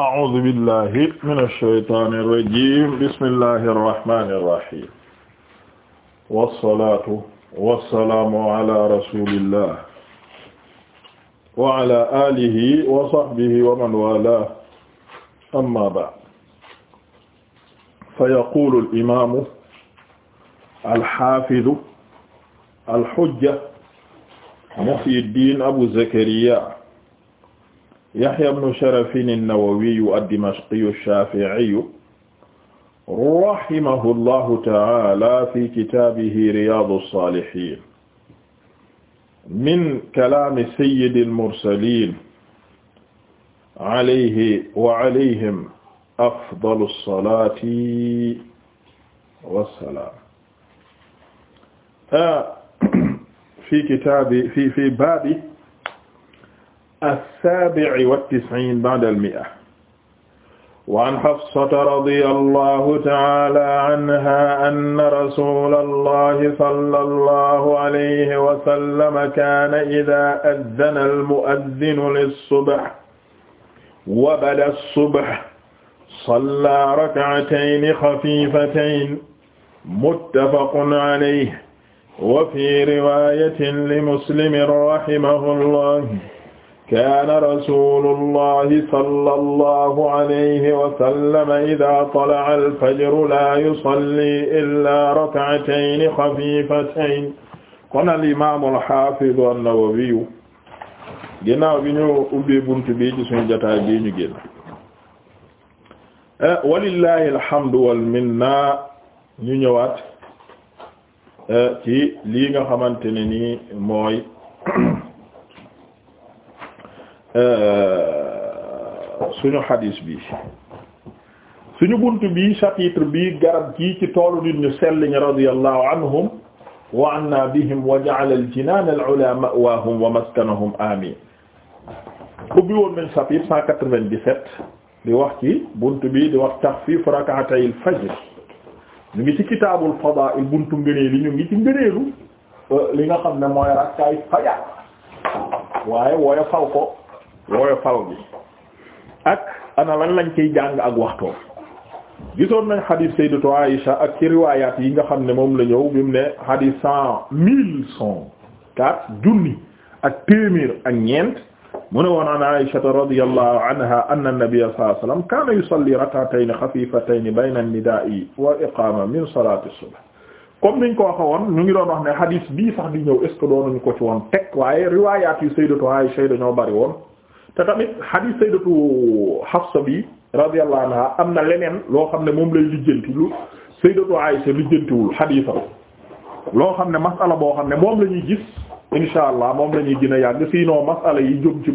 a'uuzu billahi mina shaytaani rajiim bismillahi rahmaani rahiim wassalaatu wassalaamu ala rasuulillah wa ala aalihi wa sahbihi wa man waalaahu amma ba'd fa yaquulu al-imaamu al-haafidu al-hujja Muhyiddin Abu Zakariya Yahya ibn Sharafin an-Nawawiyu ad-Dimashqiyu ash-Shafi'iyu rahimahu llahu ta'ala fi kitaabihi Riyaadu s-Saalihiin min kalaami sayyidi l-mursaliin alayhi wa alayhim afdalu s-salaati wa s-salaam ah, fi kitaabi fi fi baabi as-saabi'i wa tis'iin ba'da al-mi'a wa an Hafsata radiyallahu ta'ala anha anna rasuulallahi sallallahu alayhi wa sallam kaana idhaa adhana al-mu'adhdhinu lis-subhi wa bada as-subhu sallaa rak'atayni khafiifatayni muttafaqun alayhi wa fii riwaayatin li Muslim rahimahullaah kaana rasuulullahi sallallahu alayhi wa sallam idaa tala'a al-fajru laa yusalli illaa rak'atayni xafiifatayni kon al-imaam al-haafiz an-Nawawi ginnaaw bi ñu ubbee buntu bi ci suñu jotaay bi ñu génn eh, walillahi alhamdu wal minna ñu ñëwaat eh, ci lii nga xamante ne nii mooy Euh, suñu xadiis bi suñu bunt bi chapitre bi garab gi ci toolu nit ñu sell ñi radiyallahu anhum wa anna bihim wa ja'ala al-jinaan al-'ulaa ma'waahum wa maskanahum amiin ubbi woon nañ chapitre 197 wax ci bunt bi di wax taxfiif rak'atay al-fajr ñu ngi ci kitaabul fadaa'il buntu ngëneel li ñu ngi ci ngëneelu euh, li nga xam ne mooy rakkaay fajar waaye wooye faw woyofal bi ak ana lan lañ koy jàng ak waxtoo gisoon nañ xadiis sayyidatu Aïsha ak ci riwaayaat yi nga xam ne moom la ñëw bi mu ne xadiis cent mille cent quatre junni ak téeméer ak ñeent mu ne woon an Aïsha radiyallahu anha anna nabiyya sallallahu alayhi wasallam kaana yusalli rak'atayni xafiifatayni bayna an-nidaa'i wa iqaama min salaati subh comme niñ ko waxe woon ñu ngi doon wax ne xadiis bii sax di ñëw est ce que ko ci woon teg waaye riwaayaat yu sayyidatu Aïsha dañoo bari woon tamit tamit hadith sayyidatu Hafsa bi radiyallahu anha am na leneen loo xam ne moom lay lijjanti lu sayyidatu Aisha lijjantiwul haditham loo xam ne masala boo xam ne moom la ñuy gis insha allah moom la ñuy gën a yàgg sinon masala yi jëm ci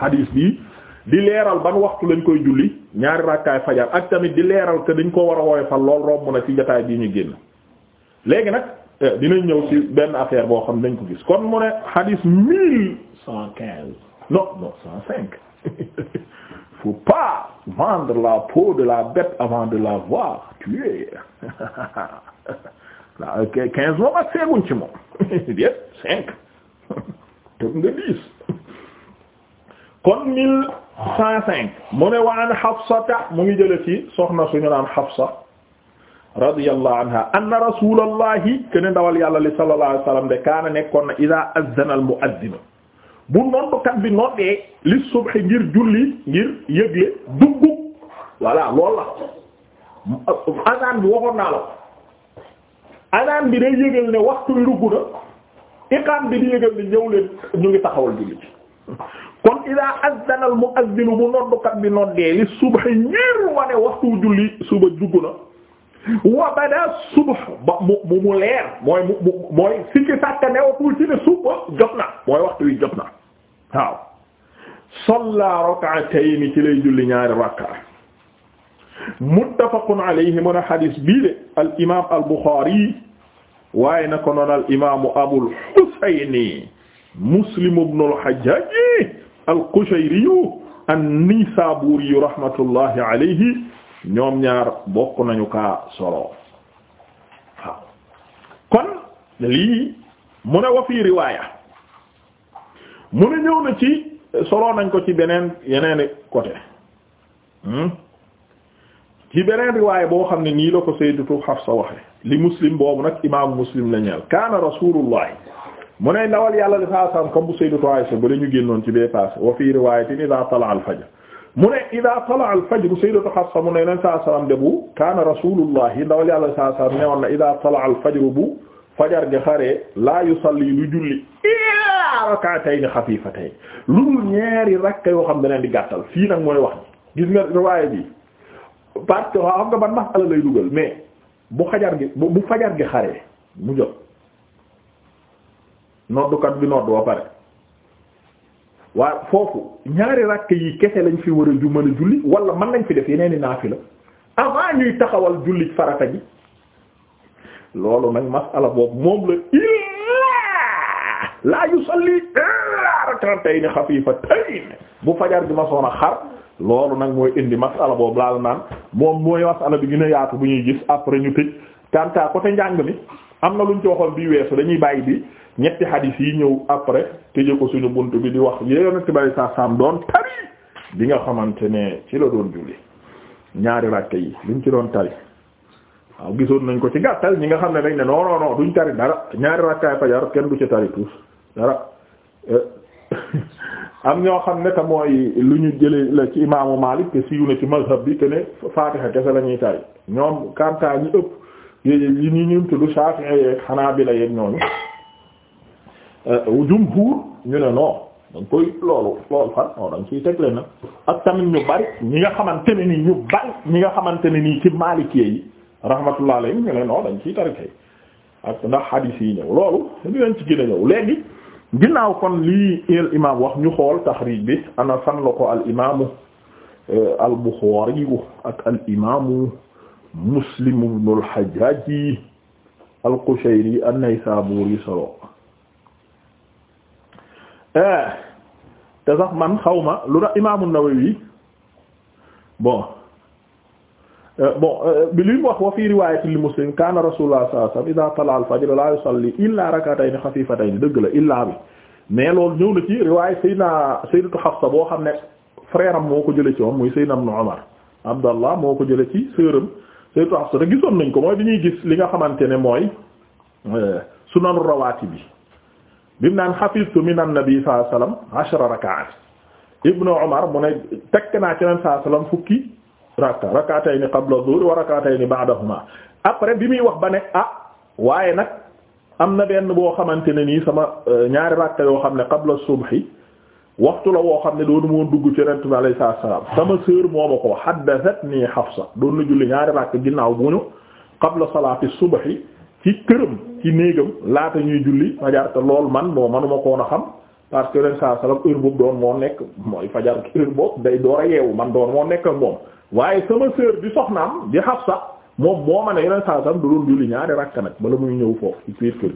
hadith bi di leeral ban waxtu lañ koy julli ñaari rakkaay fajar ak tamit di leeral que dañ ko war a woyofal lool romb na ci jotaay bii ñu génn léegi nag eh, dinañ ñëw ci benn affaire boo xam ne dañ ko gis kon mu ne hadith non non cent cinq faut pas vendre la peau de la bête avant de l'avoir tuée waaw quinze moom ak ci moom déet cinq tëb nga dix kon mille cent cinq mu ne waan Hafsata mu ngi jële ci soxna suñu naan Hafsa radiyallahu anha anna rasulallahi kene ndawal yàlla li sallallahu alayhi wasallam de kaana nekkoon na idaa azzana al mu'azzin bu noddukat bi noddee li subhi ngir julli ngir yëgle duggu voilà loolu la azan bi waxoon naa la azan bi day yëgal ne waxtu bi dugg na iqam bi di yëgal ne ñëw leen ñu ngi taxawal julli ci kon idaa azzana al muazzinu bu noddukat bi noddee li subhi ngir wane waxtu julli suba dugg na wa bada subh ba mu mu leer mooy mu mooy si ki sàkka newatul ci ne suba jot na mooy waxtu wi jot na waaw salla rak'atayn ci lay julli ñaari rakka muttafaqun alayhi mun a xadis bii de al imaam al buxaari waaye na ko noon al imaamu abul xusayni muslim ibnul xajjaaj al qushayri an-nisaabuuri rahmatullahi alayhi ñoom ñaar bokk nañu kaa solo waaw kon lii mu ne wa fi riwaaya mu ne ñëw na ci soloo nañ ko ci beneen yeneeni côté hmm? ci beneen riwaay boo xam ne nii la ko sayyidatu Hafsa waxe li muslim boobu nag imaamu muslim la ñeel kaana rasuulullahi mu ne ndawal yàlla li saa saam comme bu sayyidatu Aysa ba la ñu génnoon ci bee paase wa fii riwaayatin idaa talaa al mu ne idaa talaa al-fajr sayyidatu Hafsa mu ne leen saa saam de bu kaana rasuulullahi ndawal yàlla li saa saam newoon na idaa talaa al-fajr bu fajar gi xaree laa yusalli lu julli illa rak'atayn xafifatayn lu dul ñaari rakka yoo xam ne di gàttal fii nag mooy wax gis nga riwaaya bi parce que xam nga ban masala lay dugal mais bu xajar gi bu fajar gi xaree mu jot noddukat bi nodd ba pare waa foofu ñaari rakk yi kese lañ fi war a ju mën a julli wala mën nañ fi def yeneen i naafila avant ñuy taxawal julli farata ji loolu nag masala boobu moom la illaa laa yusalli illaa rak'atayn xafifatayn bu fajar bi ma soon a xar loolu nag mooy indi masala boobu laal naan moom mooy masala bi gina yaatu bu ñuy gis après ñu tëj kanta côté njàng mi am na luñ ci waxoon bii weesu dañuy bàyyi bi ñetti hadis yi ñëw après tëje ko suñu bunt bi di wax yéen a bari sa sam doon tari bi nga xamante ne ci la doon julli ñaari ràkke yi luñ ci doon tari waaw gisoon nañ ko ci gàttal ñi nga xam ne dañ ne non non non duñ tari dara ñaari rakkaay fajar kenn du ci tari tuus dara euh, am ñoo xam ne te mooy lu ñu jële la ci imaamu Maalik te siiw na ci mazhab bi te ne Faatiha kese la ñuy tari ñoom kantaa ñi ëpp yi ñu lu tudd Shaafi'i xanaa Hanaabila yeeg ñooñu euh, jumhuur ñu ne non danga koy loolu loolu fan non danga ciy tegle na ak tamit ñu bari ñi nga xamante ne nii ñu bari ñi nga xamante ne nii ci Maalikee yi rahmatullah alayhi ñu ne non dañ ciy tari ak ndax hadith yi ñëw loolu dinañ ci gën a ñëw léegi ginnaaw kon lii al imaam wax ñu xool taxriij bi ana fan la ko al imaamu euh, al Buxaari ak al imaamu Muslim ibnu al Hajjaaj al Qushayri an-Naysaabuuri solo eh, te sax man xawma lu da imaamu Nawawi bon. Euh, bon euh, bi li mu wax wa fi riwaayati li muslim kaana rasulullah sallallahu alayhi wasallam idha tala al fajr la yusalli illa rak'atayn khafifatayn dëgg la illa bi mais loolu ñëw na ci riwaaya sayyidina sayyidatu Hafsa boo xam ne frère am moo ko jële ci moom muy sayyidina ibn Umar Abdallah moo ko jële ci sœuram sayyidatu Hafsa te gisoon nañ ko mooy bi ñuy gis li nga xamante ne mooy euh, sunan rawaatib bi bimu naan hafiztu min an-nabi sallallahu alayhi wasallam ashra rak'at ibn Umar mu ne tekk naa ci leen sallallahu alayhi wasallam fukki rakka rak'atayni qabla dhuhr wa rak'atayni ba'dahuma après bi muy wax ba ne ah waaye nag am na benn boo xamante ne nii sama euh, ñaari rakka yoo xam ne qabla subhi waxtu la woo xam ne doonu moo dugg ci Yonent bi alayhi salaam sama sœur moo ma ko haddathatni Hafsa doon na julli ñaari rakka ginnaaw bu ñu qabla salaati subhi ci këram ci néegam laata ñuy julli ma jaar lool man moo manuma koon a xam parce que ren saa salam heure doon moo nekk mooy fajar heure day door a yeewu man doon moo nekk moom waaye sama sœur di soxnaam di Hafsa moom moo ma ne ñaari rakka nag muy ñëw foofu ci biir di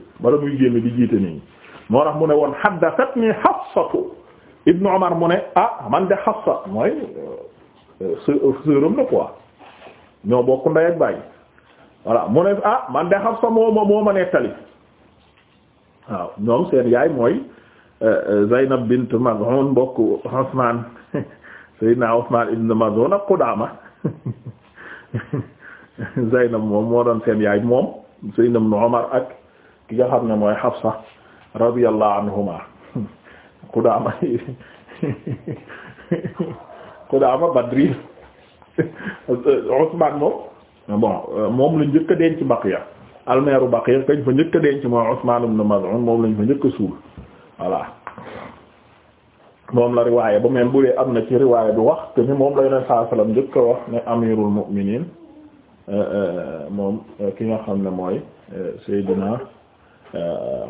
jiite nit ñi moo tax mu ne woon haddathatni Hafsatu Ibnu Umar mu ne ah man de Hafsa euh, mu ne ah man de Hafsa moo ma moo ma nettali waaw ñoom seen yaay mooy. Zaynab bint Maz'un mbokk Usmaan na Usmaan ibn Maz'un ak Qudaama Zaynab moom moo doon seen yaay moom Sayyidina ibn Umar ak ki nga xam ne mooy Hafsa radiyallahu anhuma Qudaama Qudaama Badri Usmaan moom bon moom la njëkk a denc Baqiya almeeru Baqiya kañ fa njëkk denc mooy Usmaan ibn Maz'un moom lañ fa njëkk suul voilà moom la riwaaya ba même bu dee am na ci riwaaya bi wax te ni moom la yoneen saa salaam njëkk a wax ne amirul mu'minin euh, euh, moom euh, ki nga xam ne mooy Seydina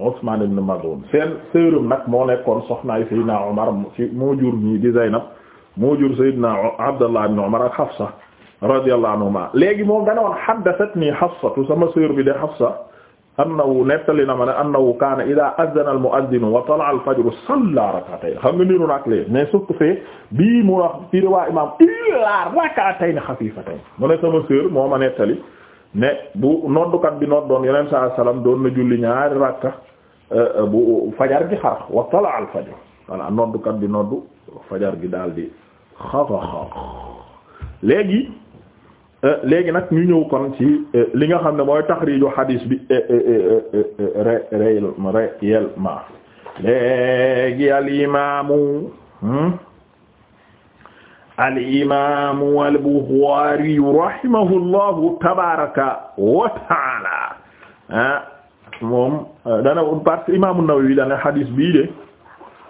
Usman ibn Mazun seen sërum nag moo nekkoon soxnaay Seydina Omar ci moo jur ñii di Zaynab moo jur Seydina Abdallah ibn Omar ak Hafsa radiyallahu anhuma léegi moom dana woon haddathatni Hafsatu sama sœur bi de Hafsa annahu nettali na ma ne annahu kaana idaa azzana al mu'azzinu wa tala'a al fajru salla rak'atayn xam nga niru naak léegi mais surtout fee bii mu wax ci riwaa imaam illaa rak'atayn xafiifatayn mu ne sama sœur moo ma nettali ne bu noddukat bi noddoon yeneen saa salaam doon na julli ñaari rakka euh, bu fajar gi xar wa tala'a al fajru noddukat bi noddu fajar gi daal di xaxa Euh, léegi nag ñu ñëw ci euh, li nga xam ne mooy taxriiju xadiis bi euh, réellement léegi al imaamu hmm? al imaamu al Buxaari rahimahullahu tabaaraka wa taala ah moom dana parce que imaamu Nawawi dana xadiis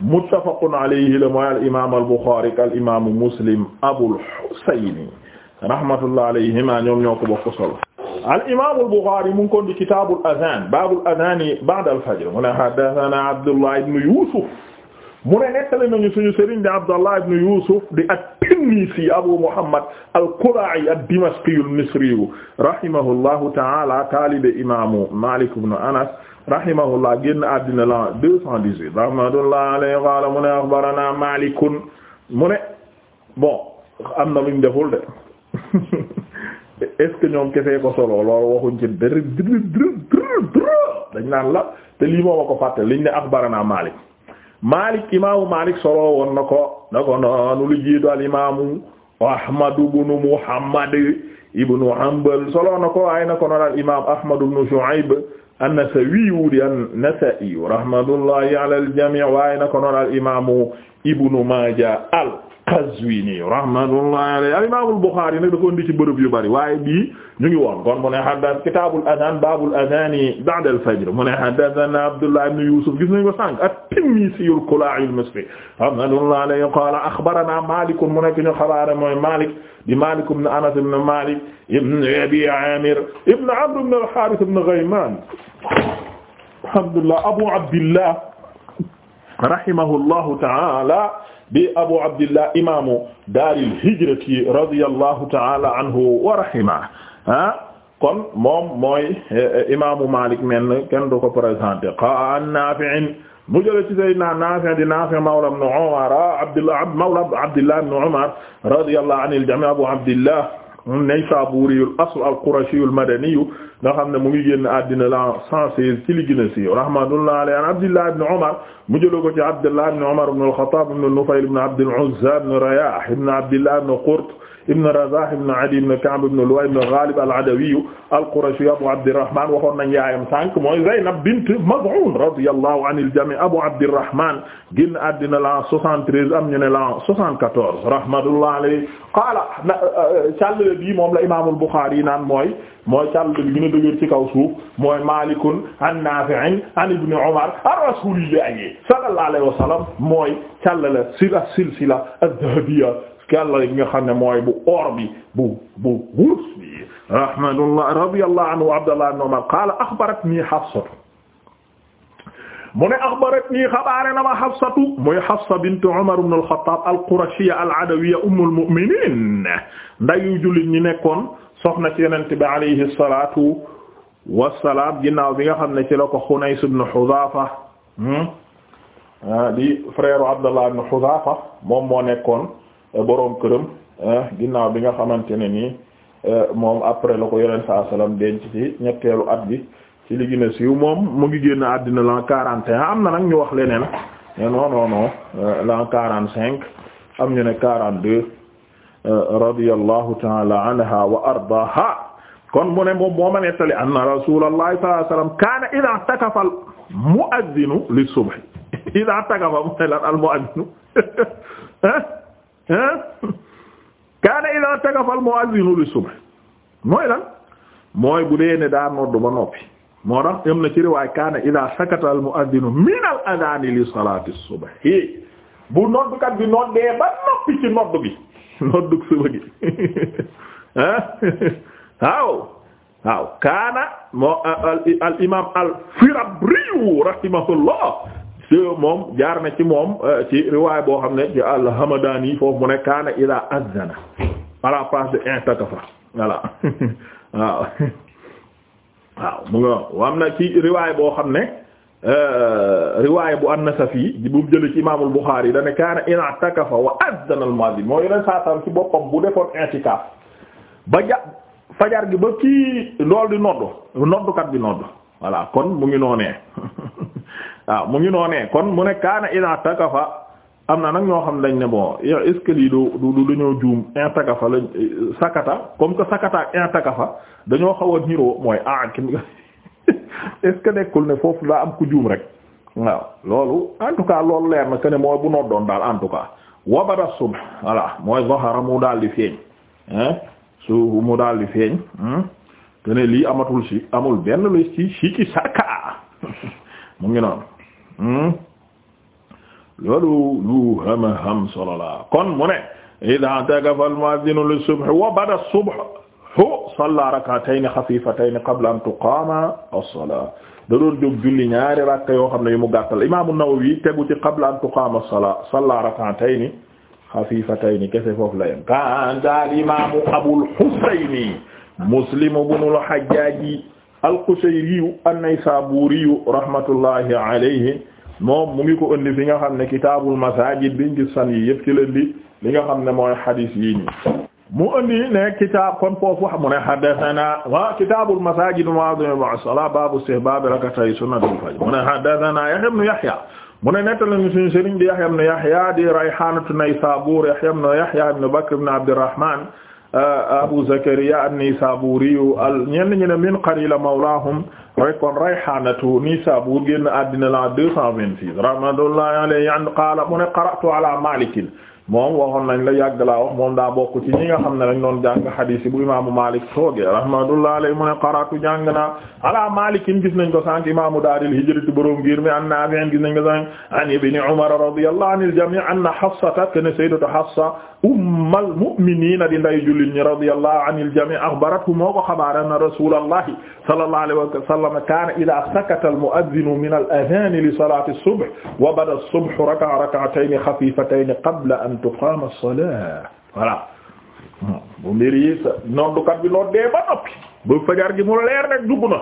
la mooy al imaam al Muslim Abul Xusayni rahmatullah alayhima ñoom ñoo ko bokk solo al imam al Bukhari mu ngi ko di kitabul adhan babul adhani ba'da al fajr mu ne hadathana Abdullah ibn Yusuf mu ne nettali nañu suñu sëriñ di Abdullah ibn Yusuf di at-Tinnisi Abu Muhammad al-Qura'i ad-Dimashqi al-Misri rahimahullahu ta'ala taalibe imaamu Malik ibn Anas rahimahullah génn àddina la 218 rahmatullahi alayhi qala mu ne akhbarana Malikun mu ne bon am na luñ deful de est-ce que ñoom kefee ko solo loolu waxuñ ci dër dër dër dañ naan la te lii moo ma ko fàtte liñ ne axbarana Maalik Maalik imaamu Maalik solo woon na ko na ko noonu lu jiitu al imaamu Ahmad ibn Muhammad ibn Hanbal solo na ko ay na ko noonu al imaam Ahmad ibn Shu'ayb an-Nasawiyu di an-Nasa'i rahmatullahi ala al-jami' waaye na ko noonu al imaamu Ibn Maaja al Qazwini rahmatullahi alayhi al imaamul Buxaari nag da ko indi ci bërëb yu bari waaye bii ñu ngi woon kon mu ne haddath kitaabul adaan baabul adaani ba'da al fajr mu ne haddathanaa Abdullah ibn Yuusuf gis nañu ko sànq at-Tinnisi al-Kalaa'i al-Misri rahmatullahi alayhi qaala axbaranaa Maalik mu nekk ñu xabaare mooy Maalik di Maalik ibn Anas ibn Maalik ibn Abi Aamir ibn Amr ibn al-Haarith ibn Ghaymaan alhamdulillah Abu Abdillah rahimahullahu ta'aala bi Abu Abdillah imaamu daaril hijrati radiyallahu ta'ala anhu wa rahimahu ah kon moom mooy eh, eh, imaamu Malik men kenn du ko présenté qaala an Naafi' mu jëlee ci Seydina Naafi' di Naafi' mawla ibn Umar Abdillah mawla Abdillah ibn Umar radiyallahu anil jami' Abu Abdillah Naysaabuuriyul asl al-Qurashiyul madaniyyu nga xam ne mu ngi génn àddina la 116 ci li gën a siiw rahmatullahi alayhi an Abdullah ibn Umar mu jëloo ko ci Abdullah ibn Umar ibn al-Khattab ibn Nufayl ibn Abd al-Uzza ibn Rayah ibn Abdullah ibn Qurt ibn Razah ibn Adi ibn Ka'b ibn Luway ibn Ghalib al-Adawi al-Qurashi Abu Abdirrahman waxoon nañ yaayam sànq mooy Zaynab bint Maz'un radiyallahu anil jami' Abu Abdirrahman génn àddina la 73 am ñu ne la 74 rahmatullah alayhi qaala euh, càllale bii moom la imaamul Bukhari naan mooy mooy càllale bi gën a dëgër ci kaw suuf mooy Maalikun an Naafi'in an Ibn Umar an Rasulillahi sallallahu alayhi wa sallam mooy càllale si la silsila az-zahabiyya yàlla yi nga xam ne mooy bu or bi bu bu wurs bi rahmatullah radiyallahu anhu abdallah ibn umar qaala axbaratnii hafsatu mu ne axbaratnii xabaare na ma hafsatu mooy hafsa bint umar ibn al-khattab al-qurashiyya al-adawiyya ummul mu'minin ndayu jullit ñi nekkoon soxna ci yonent bi alayhi salaatu wasalaam ginnaaw bi nga xam ne ci la ko Xunays ibn Xudaafa hmm, ah, di frère Abdallah ibn Xudaafa moom moo nekkoon boroom këram ah, ginnaaw bi nga xamante ne nii eh, moom après la ko yonent saa salaam denc ci ñetteelu at bi ci li gën siiw moom mu ngi génn àddina l'an quarante am na nag ñu wax leneen ne eh, non non eh, quarante cinq am ñu ne quarante deux radiyallahu taala anha wa ardaha kon mu ne moom moo ma nettali anna rasulallahi sallallahu kaana idaa takafa al mu'adhdhinu lis-subh idaa takafa mu ne lan kaana ila tagafal mu'azzinu li subh mooy lan mooy bu dee ne daa nodd ba noppi moo tax am na ci riwaay kaana ila sakata al min al adani li salati subh bu noddkat bi noddee ba noppi ci nodd bi noddug suba gi ah waaw waaw kaana al imaam al firabri rahimahullah si moom jaar na ci moom euh, ci riwaay boo xam ne ci al-Hamadani foofu mu ne kaana ila azana à la place de i'takafa voilà waaw waaw mu nga wam na ci riwaay boo xam ne euh, riwaay bu an-Nasafi bu mu jëlee ci imaamul Buxaari da ne kaana i'takafa wa azana al-mu'adhdhin moo yeneen saatam ci boppam bu defoon i'tikaaf ba ja fajar gi ba kii lool di nodd noddukat bi nodd voilà kon mu ngi noonee waaw mu ngi noonee kon mu ne kaana ila takafa am na nag ñoo xam ne dañ ne bon lii du du dañoo juum intakafa la sakata comme que sakata ak intakafa dañoo xaw a niroo mooy ah est nekkul ne foofu daa am ku juum rek waaw loolu en tout cas loolu leer na que ne mooy bu noddoon daal en tout cas wabada subh voilà mooy zahara mu daal di feeñ su mu daal di feeñ te hmm, ne lii amatul si amul benn lu ci si ci sakka mu ngi noonu Hmm? loolu lu hama ham solo la kon mu ne idaa tagafa al-mu'adhdhinu lis-subhi wa bada as-subhu salla rak'atayni xafifatayn qabla an tuqaama as-salaa da doon jóg julli ñaari rakka yoo xam ne yu mu gàttal imaamu Nawawi tegu ci qabla an tuqaama as-salaa salla rak'atayni xafifatayn kese foofu la yem kaandaal imaamu Abul Husayni Muslim ibnul Hajjaaji al-Qushayri an-Naysaburi rahmatullahi alayhi moom mu ngi ko indi fi nga xam ne kitaabul masaajid biñ gis san yi yëpp ci lëndi li nga xam ne mooy xadiis yi ni mu indi ne kitaab kon foofu wax mu ne haddathana wa kitaabul masaajid mawaaqiitu as-salaat baabu istihbaab rak'atay sunnatul fajr mu ne haddathana Yahya ibn Yahya mu ne nettali ñu suñu sëriñ di Yahya ibn Yahya di Rayhaanatu Naysaabuur Yahya ibn Yahya ibn Bakr ibn Abdurrahmaan Euh, Abu Zakariya an-Nisaburi al ñenn ñi ne min Qarila mawlahum rek kon Rayhanatu Nisabur génn àddina la 226 rahmatullahi alayhi an qala mu ne qara'tu ala Malik moom waxoon nañ la yàgg laa wax moom daa bokk ci ñi nga xam ne dañ doon jàng xadiis bu imaamu Maalik sooge rahmatullah alayhi mu ne qaratu jàng naa ala Maalikin gis nañ ko sànq imaamu daaril hijrati boroom ngir mi an Naafi' gis nañ ko sànq an ibni Umar radiyallahu anil jamii' anna Hafsata kana sayyidatu Hafsa ummul mu'miniina di nday jullit ñi radiyallahu anil jamii' akhbaratu moo ko xabaar anna rasuulallahi sallallahu alayhi wa sallam kaana idaa sakata al-mu'adhdhinu min al-adhaan li salaati as-subh wa bada as-subh raka'a rak'atayni khafiifatayni qabla an an tuqaama as-salaa voilà bu mbir yi sa noddukat bi noddee ba noppi ba fajar gi mu leer rek dugg na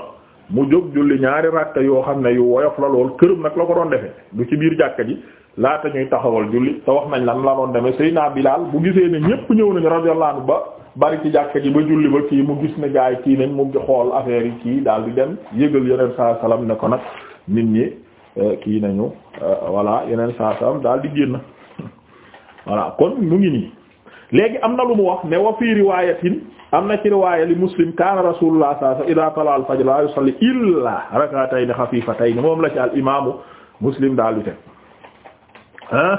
mu jóg julli ñaari rakka yoo xam ne yu woyof la lool këram nag la ko doon defee du ci biir jàkka ji laata ñuy taxawal julli te wax nañ lan la doon demee bi laal bu gisee ne ñépp ñëw nañu radiyallahu anhu ba bari ci jàkka ji ba julli ba kii mu gis ne gaay kii nañ mu xool affaire yi kii daal di dem yëgal yeneen saa salaam ne ko nag nit ñi eh, kii nañu eh, voilà yeneen saa daal di génn. voilà kon mu ngi nii léegi am na lu mu wax ne wa fii riwaayatin am na ci riwaaya li muslim kaana rasulullah sallallahu alayhi wa sallam idaa tala al fajr la yusalli illa rak'atayn xafiifatayni moom la ci al imaamu muslim daal di teg ah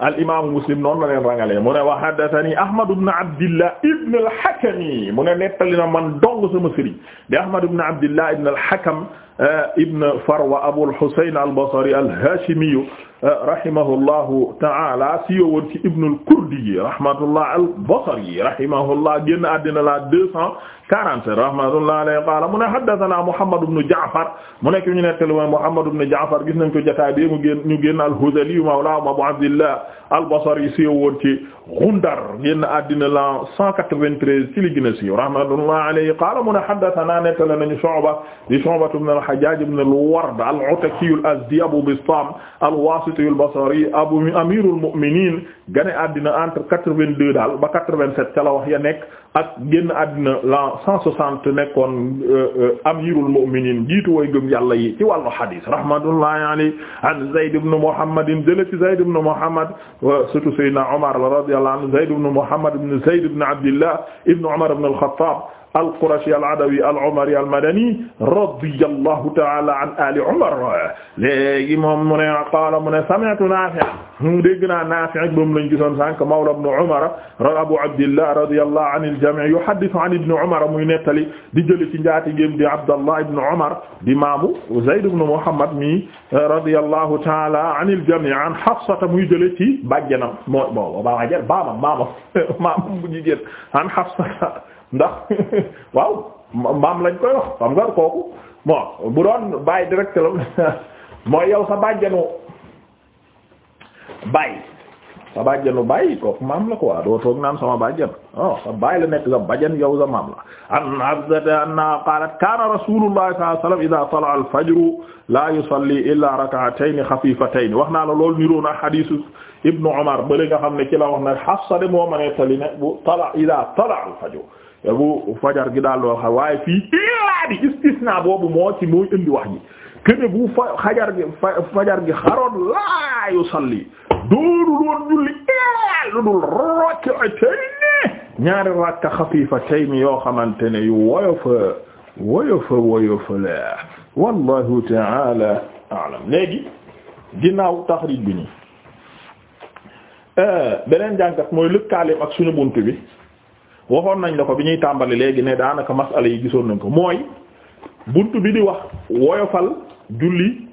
al imaamu muslim noonu la leen rangalee mu ne wa haddathani ahmad ibn abdillah ibn al hakam mu ne nettali na man dong sama sëriñ di ahmad ibn abdillah ibn al hakam eh, ibn farwa abul husayn al basri al hashimi rahimahullahu ta'ala si yowoon ci Ibnul Kurdi rahmatullah al-Basri rahimahullah génn àddina la deux cent quarante rahmatullah alayhi qaala mu ne haddathana Muhammad ibn Ja'far mu nekk ñu nettali mooy Muhammad ibn Ja'far gis nañ ko jotaay bi mu génn ñu génn al-Hudhali mawla Abu Abdillah al-Basri si yowoon ci Ghundar génn àddina la cent quatre-vingt-treize ci li gën a siiw rahmatullah alayhi qaala mu ne haddathana nettali nañu Shu'ba di Shu'ba ibn al-Hajjaj ibn al-Ward al-Ataki al-Azdi Abu Bistam al-Wasiti al-Wasitiyu al-Basriyu abu amirul mu'minin gane àddina entre quatre-vingt-deux daal ba quatre-vingt-sept ca la wax ya nekk ak génn àddina l'an cent soixante nekkoon euh, euh, amirul mu'minin jiitu way gëm yàlla yi ci wàllu hadis rahmatullahi alayhi an Zayd ibn Muhammad jële ci Zayd ibn Muhammad surtout Sayyidina Umar radiyallahu anhu Zayd ibn Muhammad ibn Zayd ibn Abdillah ibn Umar ibn al-Khattab al-Qurashi al-Adawi al-Umari al-Madani radiyallahu ta'ala an ali Umar léegi moom mu ne qaala mu ne sami'tu Naafi' mu dégg naa Naafi' moom lañ gisoon sànq mawla ibn Umar Abu Abdillah radiyallahu an al-jami' yuhaddithu an ibn Umar muy nettali di jëli ci njaatigéem di Abdallah ibn Umar di maamu Zayd ibn Muhammad mi radiyallahu ta'ala an al-jami' an Hafsa muy jëli ci bàjjanam moo moo baama baama maama bu jigéen an Hafsa ndax waaw maam lañ koy wax xam nga kooku bon bu direct la mooy yow sa bàjjanu bàyyi sa bàjjanu bàyyi kooku maam la quoi doo toog naan sama bàjjan oh sa bàyyi la nekk sa bàjjan yow sa maam la an abdata anna qalat kana rasulullah sallallahu alayhi wasallam idha tala al fajr la yusalli illa rak'atayn khafifatayn wax naa la loolu niroon a hadisu ibnu umar bale nga xam ne ci la wax na Hafsa de moo ma nettali ne bu tala idha tala al bu fajar gi daal waaye fii illaa bi istisna boobu moo ci mooy indi wax ji kene bu fa gi fajar gi xaroon laa yusalli doonu doon julli illaa lu dul rak'atayn ñaari rakka xafifatayn yoo xamante ne yu woyofa woyofa woyofa la wallahu ta'ala a'lam léegi ginnaaw taxrij bi nii euh, beneen jàngat mooy lëkkaaleem ak suñu bunt bi waxoon nañ la ko bi ñuy tàmbali léegi ne daanaka masala yi gisoon nañ ko mooy bunt bi di wax woyofal julli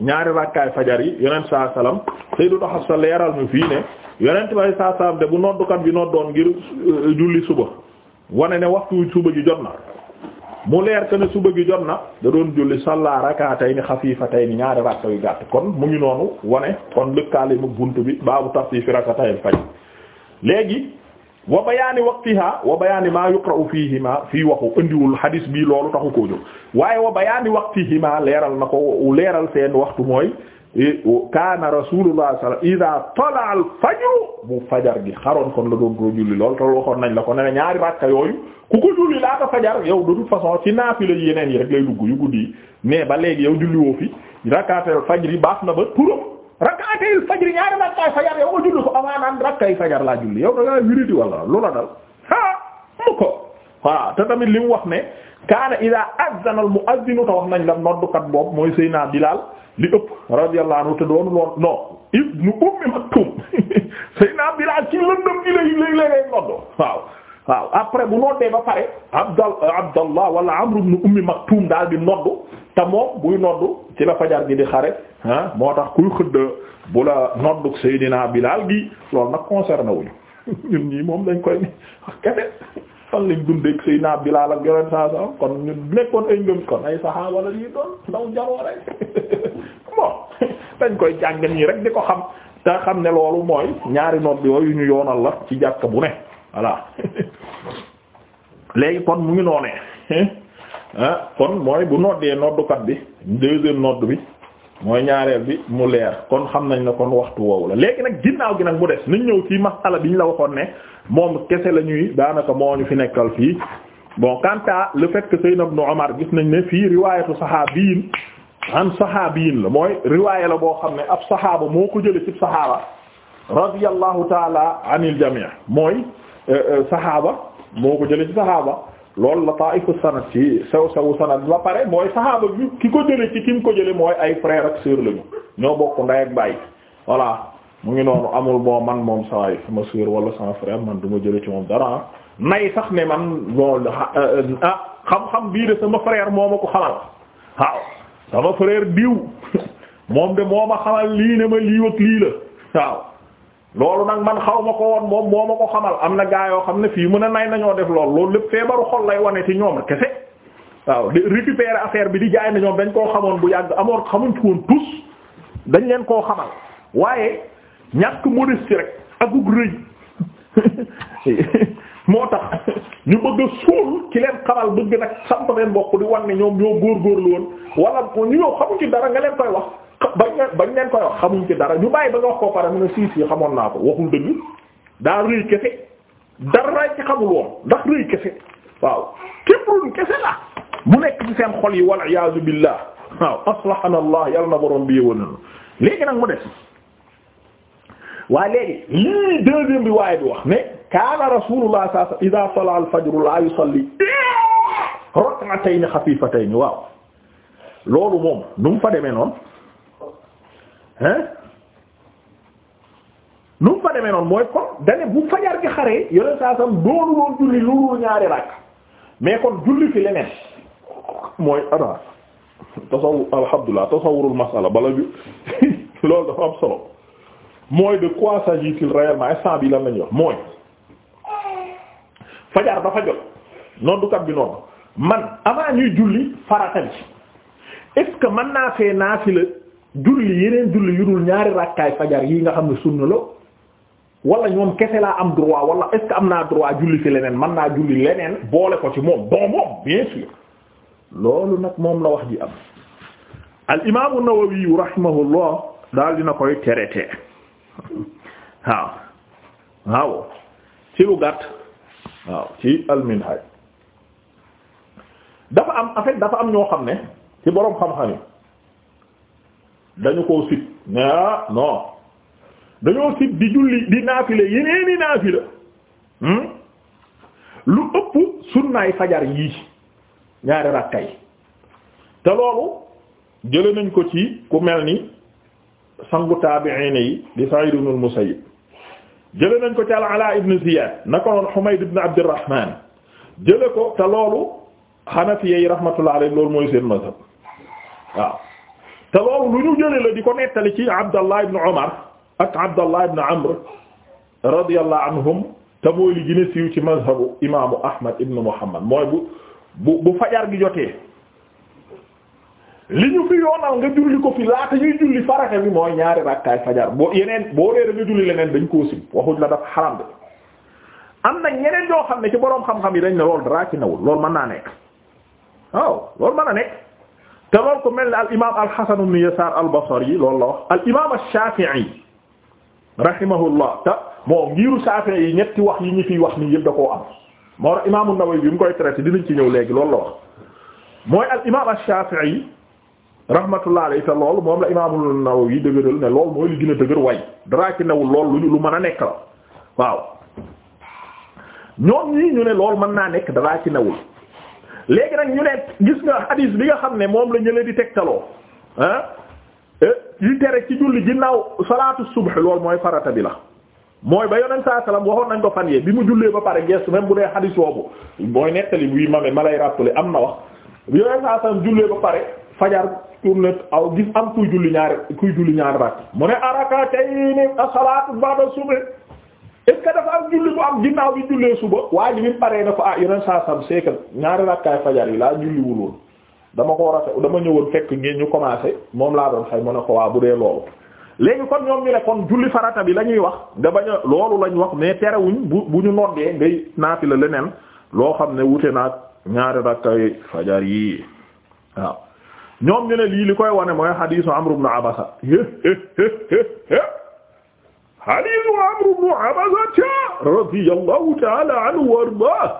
ñaari rakkaay fajar yi yonent saa salaam Sayyidatu sa leeral mi fii ne yonent bay saa salaam de bu noddukat bi noddoon ngir euh, julli suba wane ne waxtu suba gi jot na mu leer que ne suba gi jot na da doon julli salla rakatay ni xafiifatay ni ñaari rakka yu gàtt kon mu ngi noonu wane kon lëkkaale mu bunt bi baabu taf yi fi rakatay faj léegi wa bayaani waqtiha wa bayaani maa yuqra'u fiihima fii waxu indiwul hadis bii loolu taxu koo jóg waaye wa bayaani waqtihima leeral na ko leeral seen waxtu mooy e, kaana rasulullah sallallahu alayhi wasallam idha tala'a al-fajr bu fajar gi xaroon kon la doon ko julli loolu te waxoon nañ la ko ne ñaari rakka yooyu ku ko julli laata fajar yow de toute façon ci naafila yeneen yi rek lay dugg yu guddi mais ba léegi yow julliwoo fi rakkatal fajr yi baax na ba rak'atayil fajr ñaari rakkaay fajar yow julli ko avant naan rakkaay fajar laa julli yow da ngaa wiriti wala lu la dal ah mu ko te tamit li wax ne kaana idaa azzana al mu'azzinu te nañ la noddukat boobu mooy Seydina Bilaal li ëpp radiyallahu anhu te doonu loon non ibnu Ummi Maktum Seydina Bilaal ci lëndëm gi lay lay lay nodd waaw waaw après bu noddee ba pare abdal euh, abdallah wala amru ibn ummi maktum daal di noddu te moom buy nodd ci la fajar gi di xare ah moo tax kuy xëdd bu la noddu naa bilaal gi loolu nag concerné wuñu ñun ñii moom dañ koy kese lañ dundee ak seydinaa bilaal ak yoneen saa saa kon ñu nekkoon ay ngëm kon ay saxaaba la ñuy doon ndaw njaroo rek bon dañ koy jàng ñii rek di ko xam te xam ne loolu mooy ñaari nodd yooyu ñu yoonal la ci jàkka bu ne voilà léegi kon mu ngi noonee ah kon mooy bu noddee noddukat bi deuxième nodd bi mooy ñaareel bi mu leer kon xam nañ ne kon waxtu woowu la léegi nag ginnaaw gi nag mu des nañ ñëw ci masala bi ñu la waxoon ne moom kese la daanaka moo ñu fi nekkal fii bon quant à le fait que Seydina Ibn Omar gis nañ ne fii riwaayatu saxaabiyin an saxaabiyin la mooy riwaaya la boo xam ne ab saxaaba moo ko jële ci saxaaba radiyallahu taala anil jami' mooy Euh, euh, saxaaba moo ko jëlee ci saxaaba loolu la a sanad ci sew sewu sanad ba pare mooy saxaaba bi ki ko jëlee ci ki mu ko jëlee mooy ay frère ak sœur lañu ñoo bokk ndey ak baay voilà mu ngi noonu amul boo man moom saay sama sœur wala sama frère man du jëlee ci moom dara nay sax ne man bon euh, ah xam bii de sama frère moo ma ko xamal waaw sama frère diw moom de moo ma xamal lii ne ma lii ak lii la waaw. loolu nag man xaw ko woon moom moo ma ko xamal am na gaa yoo xam ne fii mën a nay nañoo def lool loolu lépp feebaru xol lay wane ci ñoom kese waaw di récupérer affaire bi di jaay na ñoom dañ koo xamoon bu yàgg amoon xamuñ ci woon tous dañ leen koo xamal waaye ñàkk modestie rek akug rëy moo tax ñu bëgg a suul ki leen xamal bëgg nag samp leen bokk di wan ne ñoom ñoo góorgóorlu woon wala ñu ñoo xamuñ ci dara nga leen koy wax. bañ leen bañ dara ñu bàyyi ba nga wax mu ne sii sii xamoon naa ko waxul dëgg daa rëy kese dara ci xamul woon ndax rëy kese waaw képp la mu nekk ci seen xol yi wal iyaazu billah waaw aslahana allah yàlla na bi yëwal nañu léegi nag mu des waaye lii deuxième bi waaye bi wax ne kaana rasulullah sallallahu alayhi wasallam idha salla al-fajr la yusalli rak'atayn waaw loolu moom nu mu fa noonu hein nu mu fa demee noonu mooy kon dane bu fajar gi xaree yoneen saa sam doonu loon julli lu ñaari rakk mais kon julli fi leneen mooy ada tasaw alhamdulilah tasawurul masala bala bi loolu dafa am solo mooy de quoi s'agit-il réellement instant bi lan lañuy wax mooy fajar dafa jot noddukat bi noonu man avant ñuy julli farata bi est-ce que mën naa fee naafila julli yeneen julli yu dul ñaari rakkaay fajar yi nga xam ne sunna la wala ñoom kese laa am droit wala est-ce que am naa droit julli fi leneen mën naa julli leneen boole ko ci moom bon moom bien sûr loolu nag moom la wax ji am al imaamu Nawawi rahimahullah daal dina koy traité waaw waaw ci lu gàtt waaw ci al-Minhaj dafa am en dafa am ñoo xam ne ci boroom xam-xam yi dañu koo sib mais ah non dañoo sib di julli di naafile yeneeni naafila hmm? lu ëpp sunnaay fajar yii ñaari rakkay te loolu jële nañ ko ci ku mel ni sangu taabi'in yi di Sa'id ibn al jële nañ ko ci al-Ala ibn Ziyad naka noon Humayd ibn Abdurrahman jële ko te loolu Hanafi yi rahmatullah alayhi loolu mooy seen mazhab waaw te loolu ñu jëlee di ko nettali ci Abdallah ibn Umar ak Abdallah ibn Amr radiyallahu anhum te mooy li gën a siiw ci mazhabu imaamu Ahmad ibn Muhammad mooy bu bu fajar gi jotee li ñu fi yoonal nga julli ko fi laata ñuy julli farata bi mooy ñaari rakkaay fajar boo yeneen boo dee nga julli leneen dañ koo wa waxuñ la dafa xaram de am na ñeneen ñoo xam ne ci boroom xam-xam yi dañ ne loolu daraa ci nawul loolu mën naa nekk waaw loolu mën na nekk. te loolu ko mel ne al imaam al Hasan ibn Yasaar al Basri loolu la wax al imaam Shaafi'i rahimahullah te moom ngiiru Shaafi'i yi ñetti wax yi ñu fiy wax nii yëpp da koo am moo tax imaam an-Nawawi bi mu koy traité dinañ ci ñëw léegi lool la wax mooy al imaam Shaafi'i rahmatullah ta lool moom la imaam an-Nawawi dëgëral ne loolu mooy li gën a dëgër way daraa ci newul lool lu mën a nekk la waaw ñoom ñu ne loolu mën naa nekk daraa ci newul. léegi nag ñu ne gis nga hadis bi nga xam ne moom la ñële di tegtaloo ah yu tere ci julli ginnaaw salaatu subh loolu mooy farata bi la mooy ba yonent saa salaam waxoon nañ ko fan yee bi mu jullee ba pare gestu même bu dee hadis boobu mooy nettali bii ma ma lay rappeler am na wax bi yonent saa salaam jullee ba pare fajar tourné aw gis am kuy julli ñaari kuy julli ñaari rakk mu ne arakatayni as-salaatu ba'da subh est-ce dafa am julli bu am ginnaaw bi jullee suba waa ji bi mu paree na ko ah yeneen saa sam c'est que ñaari rakkaay fajar yi laa julliwul dama ko rafet dama ñëwoon fekk ngeen ñu commencé moom laa doon xëy mën a ko waa bu dee loolu. léegi kon ñoom ñu ne kon julli farata bi la ñuy wax nga bañ a loolu lañ wax mais terewuñ bu bu ñu noddee ngay naafi la leneen loo xam ne wute naag ñaari rakkaay fajar yi waaw ñoom ñu ne lii li koy wane mooy hadiisu Amr hadiisu Amr ibn Abasa radiyallahu ta'ala anhu wa ardaahu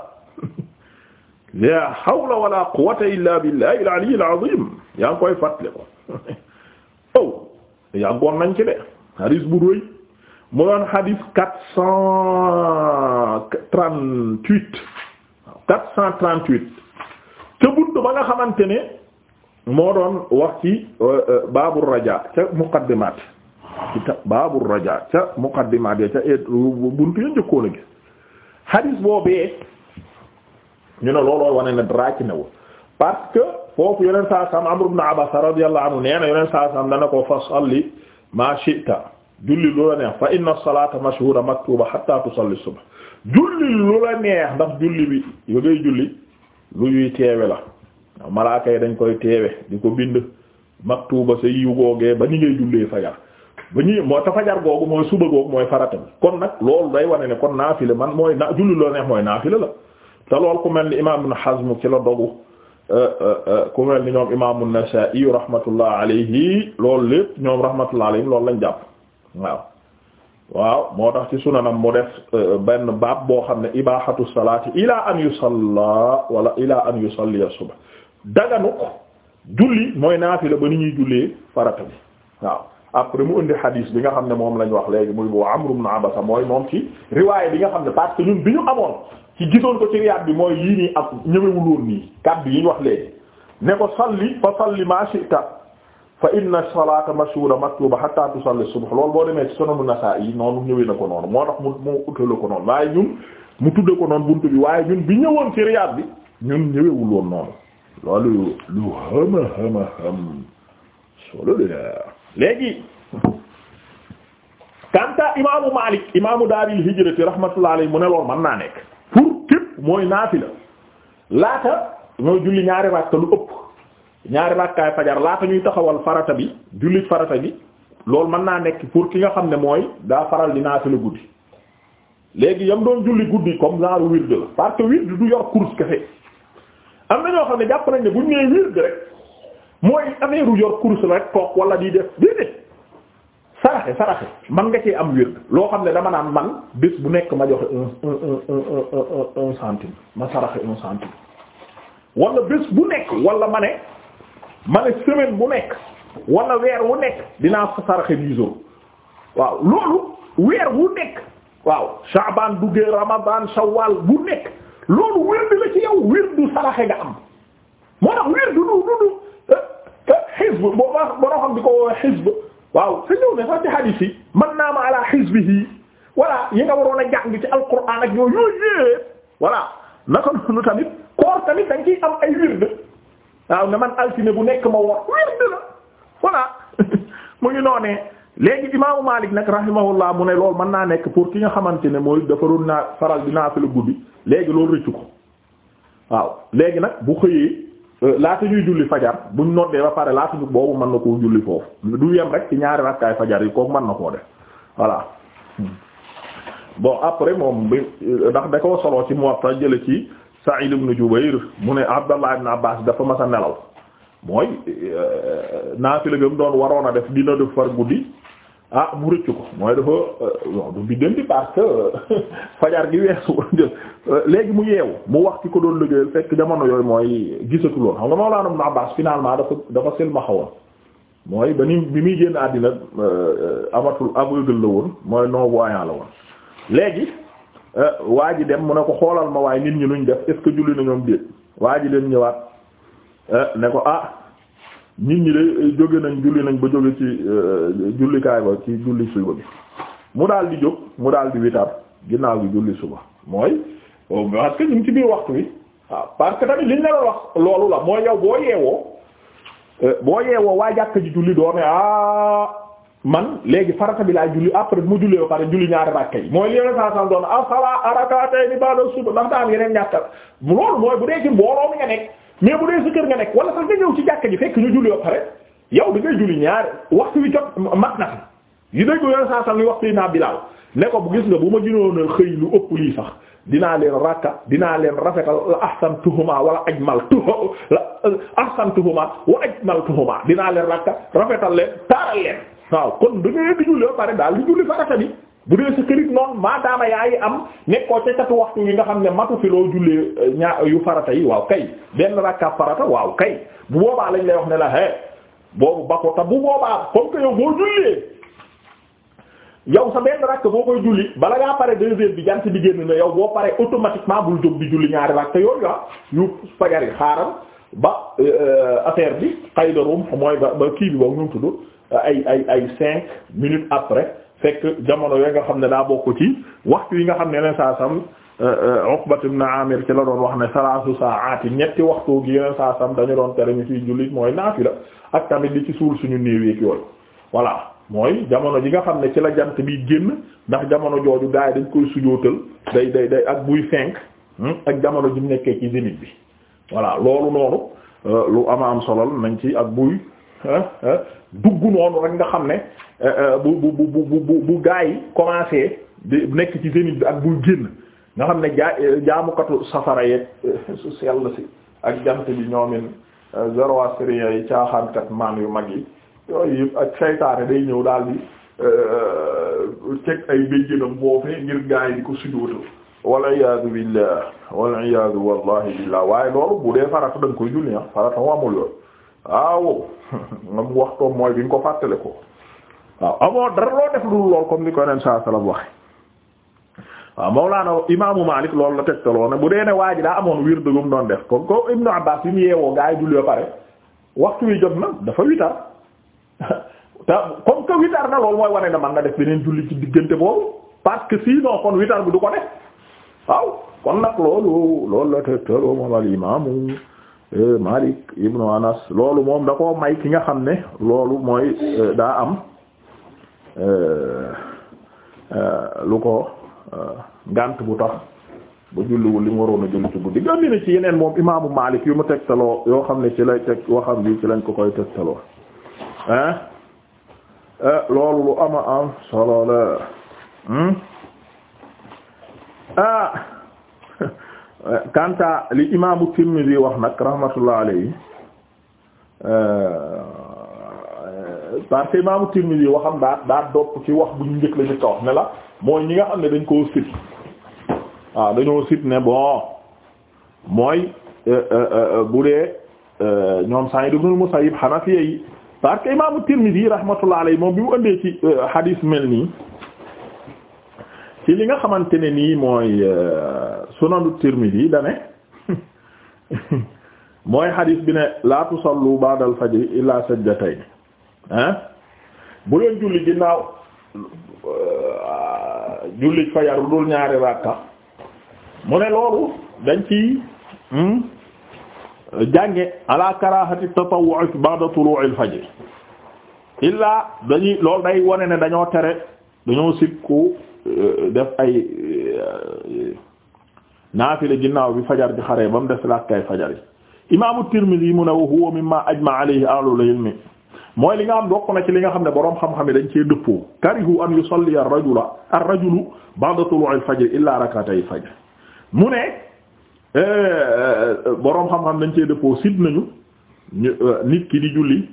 laa hawla wala quwwata illa billahil aliyyil azim yaa ngi koy fàttali ko aw oh, yàggoon nañ ci de hadiis bu doy mu doon hadiis quatre cent trente-huit quatre cent trente-huit ca buntu ba nga xamante ne moo doon wax ci euh, euh, baabu raja ca muqaddimaat ci ta baabu raja ca muqaddimaat ya ca et buntu ya njëkkoon a gis boobee ñu ne looloo wane ne dara ci newul parce que foofu yeneen saa sam Amr ibn Abasa radiyallahu anhu nee na yeneen saa sam dana ko fa salli ma shi'ta julli lu la neex fa inna salata mashhuda maktuba hatta tusalli subh julli lu la neex ndax julli bi yo ngay julli lu yuy teewe la malaaka yi dañ koy teewe di ko bind maktuba sa yiw googee ba ni ngay jullee fajar ba ñuy moo ta fajar googu mooy suba googu mooy farata kon nag loolu day wane ne kon naafila man mooy na julli loo neex mooy naafila la te loolu ku mel ni imaam Ibn Hazm ci la dogu euh, euh, euh, ku mel ni ñoom imaam An-Nasaa'i rahmatullah alayhi loolu lépp ñoom rahmatullah alayhi loolu lañ jàpp waaw waaw moo tax ci sunanam mu def benn baab boo xam ne ibaahatu salaati ila an yusalla wala ila an yusalli suba daganuk julli mooy naafila ba ni ñuy jullee farata bi waaw après mu indi hadis bi nga xam ne moom lañ wax léegi muy bu Amru ibn Abasa mooy moom ci riwaay bi nga xam ne parce que ñun bi ñu amoon ci gisoon ko ci Riyad bi mooy yii nii ak ñëwewul woon nii kàddu yi ñu wax léegi ne ko salli fa salli ma shi'ta fa inna salata mashhuda maktuba hatta tusalli subh loolu boo demee ci Sunan Nasa'i noonu ñëwee na ko noonu moo tax mu moo utale ko noonu waaye ñun mu tudde ko noonu buntu bi waaye ñun bi ñëwoon ci Riyad bi ñun ñëwewul woon noonu loolu lu hama hama léegi kanta imaamu Maalik imaamu daaril hijrati rahmatullahi alayhi mu ne loolu mën naa nekk pour képp mooy naafila laata mooy julli ñaari rakka lu ëpp ñaari rakkaay fajar laata ñuy taxawal farata bi jullit farata bi loolu mën naa nekk pour ki nga xam ne mooy daa faral di naafila guddi léegi yam doon julli guddi comme genre wird la parce wird du yor course café am na ñoo xam ne jàpp nañ ne buñ nee wird rek mooy affaire u course la rek toog wala di def déedéet saraxe saraxe man nga cee am wird loo xam ne dama naan man bés bu nekk ma joxe un un un un un centime ma saraxe un centime wala bés bu nekk walla ma ne ma ne semaine bu nekk wala weer wu nekk dinaa saraxe dix waaw loolu weer wu nekk waaw shaaban duggee ramadan shawwal bu nekk loolu wird la ci yow wird du saraxe nga am moo tax wird du du xisb boo baax boo xam di ko woowee xisb waaw sa ñëw ne sax ci hadith yi man naama ala xisbihi voilà yi nga waroon a jàng ci alquran ak yooyu yooyu voilà naka noonu tamit koor tamit dañ ciy am ay wird waaw ne man altine bu nekk ma woor wird la voilà mu ngi noonee léegi imaamu Malik nag rahimahullah mu ne lool mën naa nekk pour ki nga xamante ne mooy dafa doon naa faral di naafilu guddi léegi loolu rëccu ko waaw léegi nag bu xëyee. Euh, laata ñuy julli fajar buñ noddee ba pare laata ñu boobu mën na koo julli foofu du yem rek ci ñaari rakkaay fajar yi kooku mën na koo def voilà bo après moom bi ndax da koo soloo ci Muwatta jële ci sa Sa'id ibn Jubayr mu ne Abdallah ibn Abbas dafa mas a nelaw mooy euh, naafila gam doon waroon a def dina def far guddi ah mu rëcc ko mooy dafa euh, du biddanti parce que fajar gi weesu euh, léegi mu yeewu mu wax ki ko doon liggéeyal fekk jamono yooyu mooy gisatuloon xam nga Mawlana baax Abbas finalement dafa dafa selma xawoon mooy ba ni bi muy génn àddina euh, amatul aveugle la woon mooy non-voyant la woon léegi waa ji dem mu ne ko xoolal ma waaye nit ñi nuñ def est-ce que julli na ñoom déet waa ji leen ñëwaat ne ko ah nit ñi de eh, jóge nañ julli nañ ba jóge ci eh, jullikaay ba ci julli suba bi mu daal jóg mu daal di witar ginnaaw gi julli suba mooy oh, parce que ñu ngi ci biir waxtu wi parce que tamit liñ la wax loolu la mooy yow boo yeewoo eh, boo yeewoo waa jàkk ji julli doone ah man léegi farata bi laay julli après mu julli ba pare julli ñaari rakka yi mooy liy saa saa doon asala arakatay ni baal suba ndax daa am yeneen ñàkk loolu mooy bu dee ci mbooloo mi mais bu dee sa kër nga nekk wala sax nga ñëw ci jàkka ji fekk ñu julli ba pare yow da ngay julli ñaar waxtu wi jot mat na yu dégg yoon saa sax li waxtu yi naa Bilaal ne ko bu gis nga bu ma gënoon a xëy lu ëpp lii sax dinaa leen rakka dinaa leen rafetal la ahsantuhuma wala ajmaltuhuma la ahsantuhuma wa ajmaltuhuma dinaa leen rakka rafetal leen taaral leen waaw kon da ngay di pare daal di julli farata bi bu dee sa kërit noonu maadaama yaa ngi am nekkoo ca catu waxtu yi nga xam ne matu fi loo jullee eh, ñaa yu farata yi waaw kay benn rakka farata waaw kay bu boobaa lañ lay wax ne la he eh, boobu ba ko te bu boobaa comme que yow boo jullee yow sa benn rakk boo koy julli bala ngaa pare deux bi jant bi génn na yow boo paree automatiquement bul jóg di julli ñaari rakk yooyu ah yu fajar yi xaaral ba eh, affaire bi xay da rom mooy ba kii bi boobu ñu tudd ay ay ay cinq minutes fekk jamono yooyu nga xam ne daa bokk ci waxtu yi nga xam ne yeneen saa sam euh, euh, Uqbat ibn Amir ci la doon wax ne salaasu saa'aati ñetti waxtu gi yeneen saa sam dañu doon tere ñu ciy jullit mooy naafila ak tamit li ci suul suñu néew yeeg yooyu voilà mooy jamono ji nga xam ne ci la jant bi génn ndax jamono jooju gaa yi dañ koy sujootal day day day ak buy fenk hmm, ak jamono ji mu nekkee bi voilà loolu noonu euh, lu ama am solol nañ ci ak buy dugg noonu rek nga xam ne euh, euh, bu bu bu bu bu bu gaa yi commencé di nekk ci zénith bi ak buy génn nga xam ne jaa euh, jaamukatu safara yeeg su sell si ak jant bi ñoomin zoroastriens yi caaxaankat maan yu mag yi yooyu yëpp ak seytaane day ñëw daal di teg ay béjjënam boofee ngir gaa yi di ko sujjóotal wal iyaadu billah wal iyaadu wallahi billah waaye loolu bu dee farata da nga koy julli ah farata mu amul loolu Ah, waaw moom waxtoom mooy bi nga ko fàttale ko waaw amoon dara loo def lu lool comme ni ko yeneen saa salaam waxe waaw Mawlaana imaamu Maalik loolu la tegtaloo ne bu dee ne waa ji daa amoon wiir dëggum doon def comme ko Ibnu Abbaas bi mu yeewoo gaa yi julli ba pare waxtu wi jot na dafa witar te comme que witar na loolu mooy def beneen julli ci diggante boobu parce que sinon bi du ko def waaw kon nag loolu loolu la tegtaloo moom al imaamu Euh, Malik ibnu Anas loolu moom da koo may ki nga xam ne loolu mooy euh, daa am euh, lu ko ngànt bu tax ba julliwul li mu waroon a julli ci guddi gàndi na ci yeneen moom imaamu Malik yu mu tegtaloo yoo xam ne ci lay teg waxam bi ci lañ ko koy tegtaloo hein loolu lu ama am solo la hmm? ah kanta li imaamu Tirmidhi wax nag rahmatullah alayhi euh, parce que imaamu Tirmidhi waxam daa daa dopp ci wax bu ñu njëkk la ñu ko wax ne la mooy ñi nga xam ne dañ koo sit waaw ah, dañoo sit ne bon mooy euh, euh, bu dee ñoom Sa'id ibn Musayyib Hanafiyyi parce que imaamu Tirmidhi rahmatullah alayhi moom bi mu ëndee ci hadis mel nii. ci li nga xamante ne nii mooy euh, sunanu Tirmidhi da ne mooy hadith bi ne la tusallu ba'da al-fajr illa sajdatayn ah bu leen julli ginnaaw euh, julli fajar lu dul ñaari rakka mu ne loolu dañ ci hmm, jànge ala karahati tatawwu' ba'da tulu'il fajr illa dañuy loolu day wone ne dañoo tere dañoo sikku def ay euh, naafile ginnaaw bi fajar bi xaree ba mu des lakkay fajar yi imaamu Tirmidhi mu ne wa huwa mimma ajma alayhi ahlul ilmi mooy li nga xam bokk na ci li nga xam ne boroom xam-xam yi dañ cee dëppoo karihu an yusalli ar-rajula ar-rajulu ba'da tulu'il fajr illa rak'atay fajr mu ne euh, euh, boroom xam-xam dañ cee dëppoo sib nañu nit ki di julli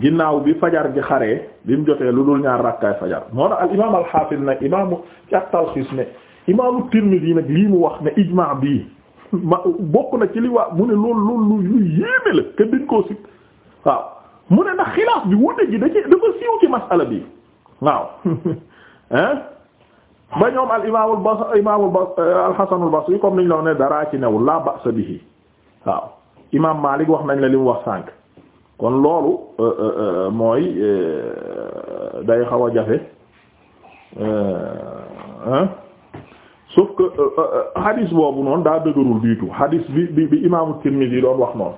ginnaaw bi fajar gi xaree bi mu jotee lu dul ñaar rakkaay fajar moo tax al imaam al xaafis nag imaamu ci at-Talxiis ne imaamu Tirmidi nag lii mu wax ne ijmaa bi ma bokk na ci li waa mu ne loolu loolu lu yéeme la ke dañ koo sit waaw mu ne ndax xilaaf bi wute gi da dafa siiw ci masala bi waaw hein ba ñoom al imaamul Basri imaamul Basri euh, al Hasanul Basri comme niñ la ne daraa ci newul laa ba'sa bihi waaw imaam Maalik wax nañ la li mu wax sànk kon loolu euh, euh, euh, mooy day xaw a jafe sauf que hadis boobu noonu daa dëgërul du tout bi bi bi imaamu Tirmidhi doon wax noonu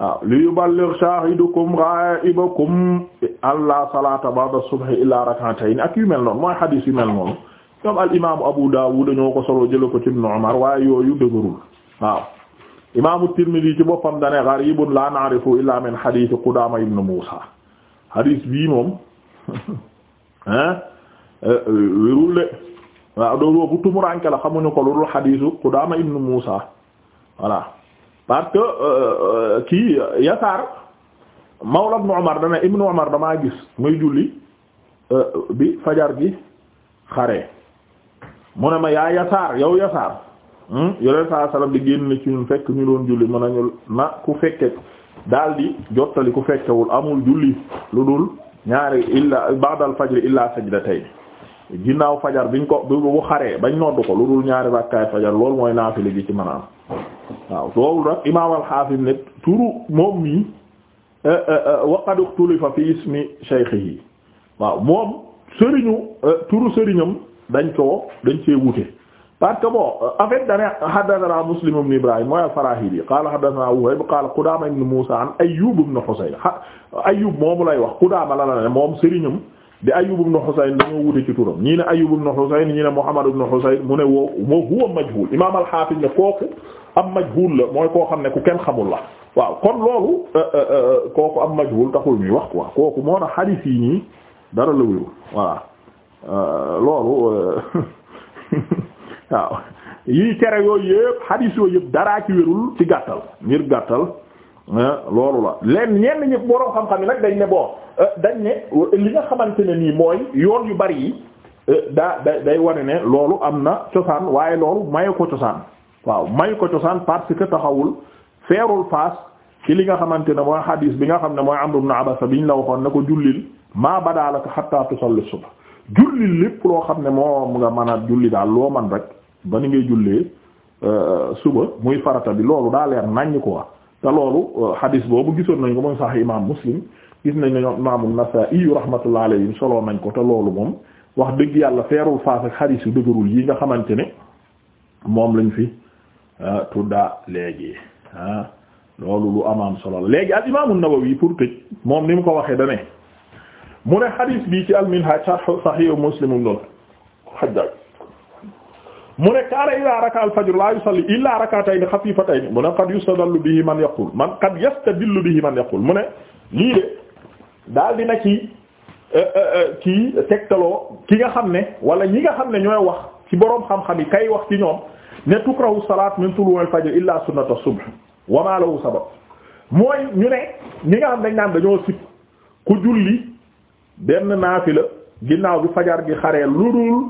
waaw li yuballigh shahidukum ghaibakum alla salata ba'da subhi illa rak'atayn ak yu mel noonu mooy hadis yu mel noonu ñoom al imaamu Abu Dawud dañoo ko solo jële ko ci Umar waaye yooyu dëgërul waaw imaamu Tirmidi ci boppam dane gharibun la na'rifu illa min hadith Qudaama ibn Muusa hadith bii moom ah wérul de waaw doo bu tumuranke la xamuñu ko lu dul hadithu Qudaama ibn Muusa voilà que euh, euh, kii Yasaar mawla ibn Umar dane ibn Umar damaa gis muy julli bi fajar gi xare mu ne ma yaa Yasaar yow Yasaar Hmm? yoneen saa salaam di génn ci ñun fekk ñu doon julli mën nañu na ku fekke daal di jottali ku fekkewul amul julli lu dul ñaari illa ba'dal fajr illa sajdatayn ginnaaw fajar biñ ko bu xaree bañ noddu ko lu dul ñaari rakkaay fajar lool mooy naafile gi ci mën a am waaw loolu nag imaam al-Hafiz ne turu moom mi eh, eh, eh, wa qad ukhtulifa fi ismi shaykhihi waaw moom sëriñu turu sëriñam dañ koo dañ cee wute parce que bon en fait dane haddathana Muslim ibn Ibrahim mooy al-Farahidi qala haddathana Wahb qala Qudama ibn Musa an Ayyub ibn Husayn Ayyub moomu lay wax Qudama la la ne moom sëriñam di Ayyub ibn Husayn dañoo wute ci turam ñii ne Ayyub ibn Husayn ñii ne Muhammad ibn Husayn mu ne woo huwa majhul imam al ne kooku am majhul la mooy koo xam ne ku kenn xamul la waaw kon loolu euh, euh, euh, kooku am majhul taxul ñuy wax quoi kooku moo tax hadith yi nii dara la waaw yii tere yooyu yëpp xadiis yooyu yëpp daraa ci wérul ci gàttal ngir gàttal loolu la leen ñenn ñëpp boroom xam-xam yi nag dañ ne bon euh, dañ ne li nga xamante ne nii mooy yoon yu bari yi euh, daa da day wane ne loolu am na cosaan waaye loolu mayu ko cosaan waaw mayu ko cosaan parce que taxawul feerul faas ci li nga xamante ne mooy xadiis bi nga xam ne mooy Amru ibn Abasa ñu la waxoon ne ko jullil maa badaalaka hatta tusalli subh julli lépp loo xam ne moo nga mën a julli daal loo man rek ba ni ngay jullee euh, suba muy farata bi loolu daa leer naññ quoi te loolu hadis euh, boobu gisoon nañ ko moom sax imaam muslim gis nañ ne ñoom imaamu Nasaa'i rahmatullah alayhi soloon nañ ko te loolu moom wax dëgg yàlla feerul faas ak hadis yu dëgërul yi nga xamante ne moom lañ fi euh, tudda léegi ah loolu lu amaam solo léegi al imaamu Nawawi pour tëj moom ni mu ko waxee da mu ne hadis bi ci al-Minhaaj sahih Muslim ibn al-Hajjaj mu ne kaana ila raka alfajr la yusalli illa rak'atayn xafifatayn mu ne qad yustadallu bihi man yaqul man qad yastadillu bihi man yaqul mu ne lii de daal dina ci euh, euh, euh, kii tegtaloo ki nga xam ne wala ñi nga xam ne ñooy wax ci boroom xam-xam yi kay wax ci ñoom ne tukrahu salat min tulu'i al-fajr illaa sunnata subh wa ma lahu sabab mooy ñu ne ñi nga xam dañ naan dañoo sib ku julli benn naafila ginnaaw bi fajar gi xaree lu dul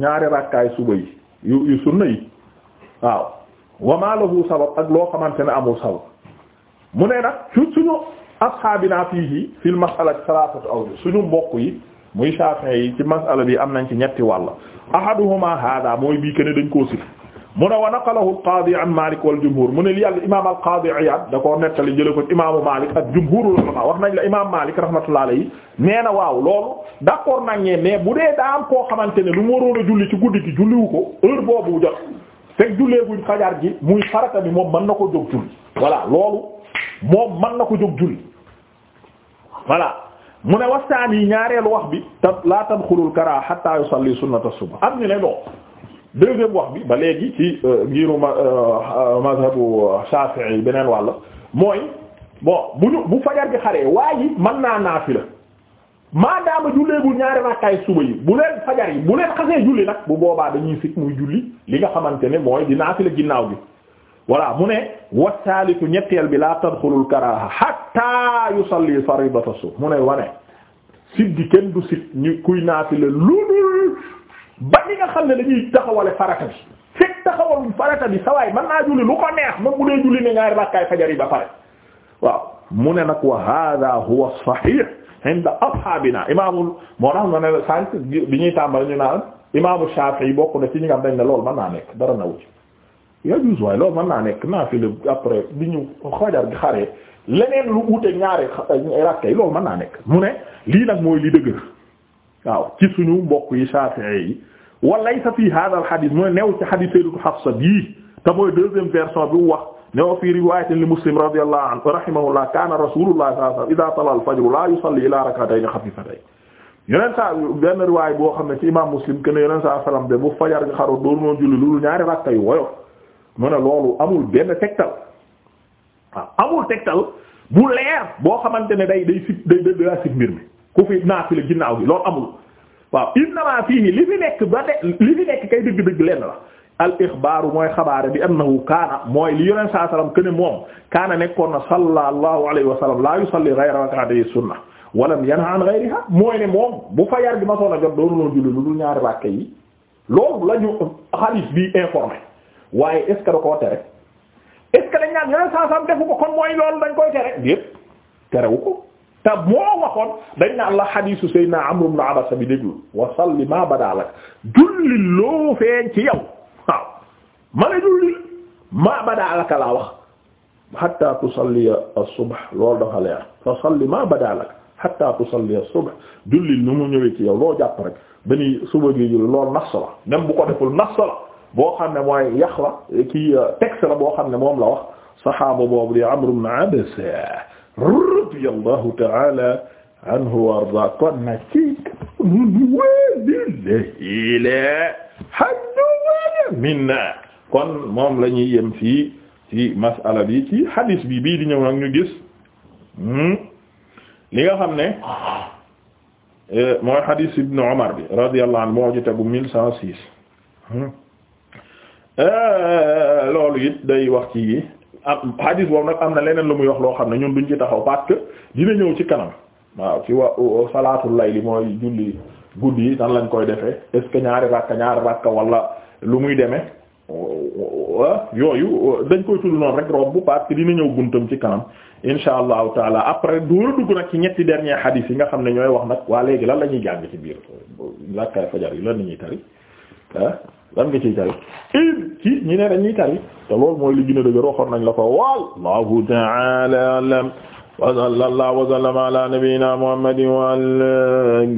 ñaari rakkaay suba yi yu yu sunna yi waaw wamaalahu sabab ak loo xamante ne amul sabab mu ne nag su suñu asxaabinaa fiihi fil mas'alati salaasatu awjuh suñu mbokk yi muy Shafi'i yi ci mas'ala bi am nañ ci ñetti wàll ahaduhuma hada mooy bii que ne dañ koo sif mu ne wa naqalahu al-qaadi an Maalik wal jumhuur mu li yàlla imaam al-qaadi Iyaad da koo nettali jëlee ko imaamu Maalik ak jumhuurul ulamaa wax nañ la imaam Maalik rahmatullahi alayhi nee na waaw loolu d'accord nañ ne mais bu dee daal am koo xamante ne lu mu waroon a julli ci guddi gi julliwu ko heure boobu jot fekk julleeguñ fajar gi muy farata bi moom mën na ko jóg julli voilà loolu moom mën ko jóg julli voilà. mu ne waxtaan yi ñaareelu wax bi te laa tadxulul karaaha hatta yusalli sunnata subh am ñu ne non deuxième wax bi ba léegi ci euh, ngiru ma euh, mazhabu Shafi'i beneen wàll mooy bon bu ñu bu fajar gi xaree waaye mën naa naafila maadaama julleegul ñaari rakkaay suba yi bu leen fajar yi bu leen xasee julli nag bu boobaa dañuy sit muy julli li nga xamante ne mooy di naafila ginnaaw bi voilà mu ne wasaalitu ñetteel bi laa tadxulul karaaha hatta yusalli faridata suuf mu ne wane sit gi kenn du sit ñu kuy naafila lu dul ba li nga xam ne dañuy taxawale farata bi fekk taxawaluñ farata bi sawaay mën naa julli lu ko neex moom bu dee julli ne ñaari rakkaay fajar yi ba pare waaw mu ne nag wa hada huwa sahih inda ashaabina imaamul moo tax ma ne sànq bi ñuy tàmbali ñu naan imaamu Shafi'i bokk na ci ñi nga xam dañ ne lool mën naa nekk dara na ci yaa jus waaye loolu mën naa nekk naa fi le après bi ñu xajar gi xaree leneen lu wute ñaari rakka yi loolu mën naa nekk mu ne lii nag mooy li dëgg waaw ci suñu mbokk yi Shafi'i yi wa laysa fii hadha al hadith mooy new ci hadith Sayyidatu Hafsa bii te mooy deuxième version bi wax ne wa fii riwayatin li Muslim radiyallahu anhu rahimahullah kana rasulullah sallallahu alayhi wa sallam idha tala al fajr la yusalli ila rak'atayn khafifatayn yeneen saa benn riwaay boo xam ne ci imam Muslim que ne yeneen saa salam de bu fajar nga xaru dóor noon julli loolu ñaari rakka yu woyof mu amul benn tegtal waaw amul tegtal bu leer boo xamante ne day day sib mbir mi ku fi naafila ginnaaw gi loolu amul waaw innama fiihi li fi nekk ba de li fi nekk kay dëgg-dëgg lenn la al ixbaaru mooy xabaare bi annahu kaana mooy li yoneen saa sallam que moom kaana nekkoon na sallallahu alayhi wa sallam la yusalli ghayra rak'atay sunna walam yanha an ghayriha mooy ne moom bu fa yar gi ma soon a jot doonu loo julli lu dul ñaari ràkke yi loolu la ñu xalis bi informé waaye est da koo tere est dañ naan yoneen saa sallam defu te moo waxoon dañ na la xadiisu Seydina Amru ibn Abasa bi déglu wa salli ma badaa lak julli loo feeñ ci yow waaw ma la julli ma badaa laka laa wax hatta tusalli as-subh loolu dafa leer fa salli ma badaa lak hatta tusalli as-subh julli nu mu ñëwee ci yow loo jàpp rek ba ni suba gi julli loolu nas la même bu ko deful nas la boo xam ne mooy yax la kii euh, texte la boo xam ne moom la wax saxaaba boobu di Amru ibn Abasa radiyallahu ta'ala anhu wa arda kon nag ci walillahi hajju minna kon moom la ñuy yem fii ci masala bi ci hadis bi bii di ñëw nag ñu gis hmm, li nga xam ne eh, mooy hadis ibnu Umar bi radiyallahu anhu moo ci tegu mille cent six hmm. eh, loolu it day wax am ah, hadis boobu nag am na leneen lu muy wax loo xam ne ñun duñ ci taxaw parce que dina ñëw ci kanam waaw ci wa salaatul layli mooy julli guddi yi nan lañ koy defee est ce ñaari rakka ñaari rakka wala lu muy deme yooyu dañ koy tudd noonu rek rob bu parce dina ñëw guntam ci kanam insha allahu taala après dóora dugg nag ci ñetti dernier hadis yi nga xam ne ñooy wax nag waa léegi lan la ñuy jàng ci biir rakkaay fajar yi lan la ñuy tari ah lan nga ciy tari in ci ñi ne dañuy tari te loolu mooy li gën a dëgër waxoon nañ la ko wallahu ta'ala a'lam wa sallallahu wa sallama ala nabiyyina muhammadin wa ala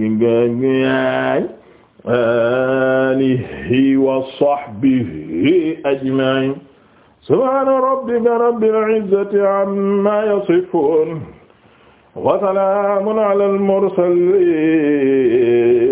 alihi wa sahbihi ajma'in subhana rabbika rabbil izzati amma yasifun wa salamun ala al mursalin